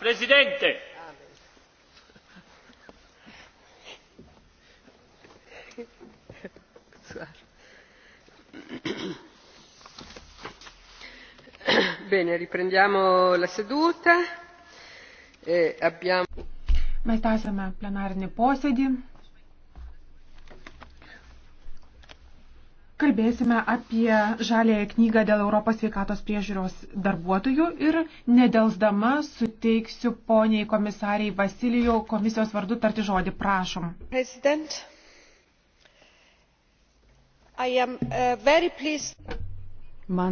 Presidente! Bene, riprendiamo la seduta. E abbiamo... Mes tęsiame plenarinį posėdį. kalbėsime apie žalėją knygą dėl Europos sveikatos priežiūros darbuotojų ir nedelsdama suteiksiu poniai komisariai Vasilijų komisijos vardu tarti žodį. Prašom. President. Uh, Man